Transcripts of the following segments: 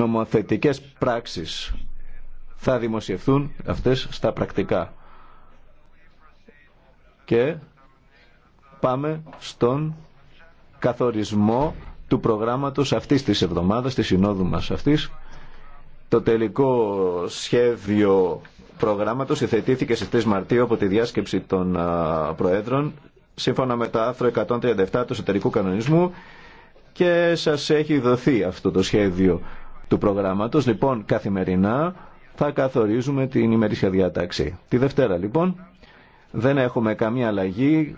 νομοθετικές πράξεις θα δημοσιευθούν αυτές στα πρακτικά. Και πάμε στον καθορισμό του προγράμματος αυτής της εβδομάδας, της συνόδου μας αυτής. Το τελικό σχέδιο προγράμματος υθετήθηκε στις 3 Μαρτίου από τη διάσκεψη των Προέδρων σύμφωνα με το άρθρο 137 του εσωτερικού κανονισμού και σας έχει δοθεί αυτό το σχέδιο του προγράμματος. Λοιπόν, καθημερινά θα καθορίζουμε την ημερήσια διάταξη. Τη Δευτέρα, λοιπόν, δεν έχουμε καμία αλλαγή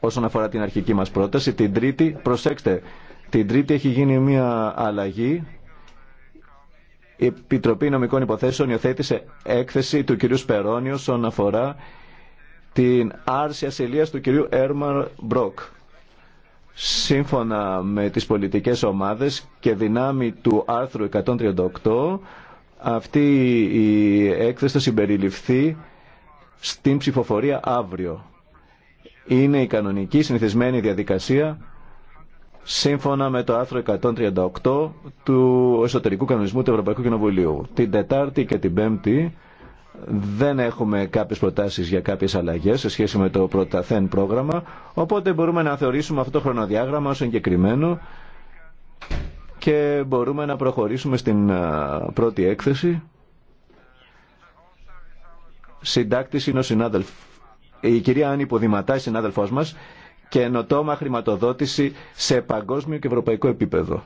όσον αφορά την αρχική μας πρόταση. Την Τρίτη, προσέξτε, την Τρίτη έχει γίνει μια αλλαγή. Η Επιτροπή Νομικών Υποθέσεων υιοθέτησε έκθεση του κυρίου Περόνιου όσον αφορά την άρση ασυλίας του κυρίου Έρμαρ Μπρόκ σύμφωνα με τις πολιτικές ομάδες και δυνάμει του άρθρου 138 αυτή η έκθεση θα συμπεριληφθεί στην ψηφοφορία αύριο. Είναι η κανονική συνηθισμένη διαδικασία σύμφωνα με το άρθρο 138 του εσωτερικού κανονισμού του Ευρωπαϊκού Κοινοβουλίου. Την Τετάρτη και την Πέμπτη δεν έχουμε κάποιες προτάσεις για κάποιες αλλαγές σε σχέση με το πρωταθέν πρόγραμμα, οπότε μπορούμε να θεωρήσουμε αυτό το χρονοδιάγραμμα ως εγκεκριμένο και μπορούμε να προχωρήσουμε στην πρώτη έκθεση. Συντάκτης είναι η κυρία Άννη Ποδηματά, η συνάδελφός μας, και ενωτόμα χρηματοδότηση σε παγκόσμιο και ευρωπαϊκό επίπεδο.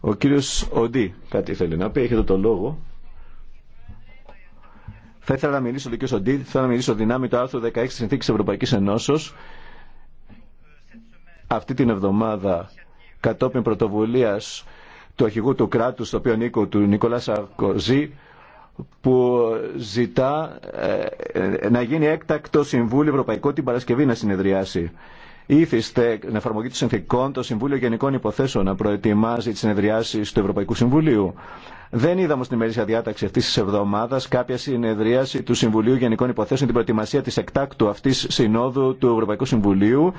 Ο κύριος Οντί κάτι θέλει να πει, έχετε το λόγο. Θα ήθελα να μιλήσω, ο Οντί, θα ήθελα να μιλήσω δυνάμει το άρθρο 16 της Συνθήκης Ευρωπαϊκής Ενώσεως. Αυτή την εβδομάδα, κατόπιν πρωτοβουλίας του αρχηγού του κράτους, το οποίο νίκο του Νικολά Σαρκοζή, που ζητά ε, ε, να γίνει έκτακτο Συμβούλιο Ευρωπαϊκό την Παρασκευή να συνεδριάσει ήθιστε την εφαρμογή των συνθήκων το Συμβούλιο Γενικών Υποθέσεων να προετοιμάζει τι συνεδριάσει του Ευρωπαϊκού Συμβουλίου. Δεν είδαμε στην ημερήσια διάταξη αυτή τη εβδομάδα κάποια συνεδρίαση του Συμβουλίου Γενικών Υποθέσεων την προετοιμασία τη εκτάκτου αυτή συνόδου του Ευρωπαϊκού Συμβουλίου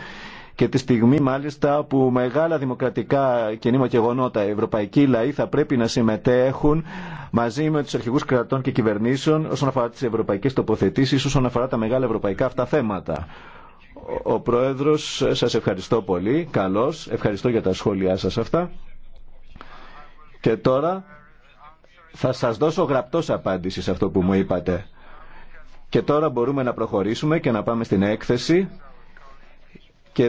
και τη στιγμή μάλιστα που μεγάλα δημοκρατικά κινήμα και γονότα οι ευρωπαϊκοί λαοί θα πρέπει να συμμετέχουν μαζί με τους αρχηγούς κρατών και κυβερνήσεων όσον αφορά τις ευρωπαϊκές τοποθετήσεις, όσον αφορά τα μεγάλα ευρωπαϊκά αυτά θέματα. Ο Πρόεδρος, σας ευχαριστώ πολύ. Καλώς. Ευχαριστώ για τα σχόλιά σας αυτά. Και τώρα θα σας δώσω γραπτός απάντηση σε αυτό που μου είπατε. Και τώρα μπορούμε να προχωρήσουμε και να πάμε στην έκθεση.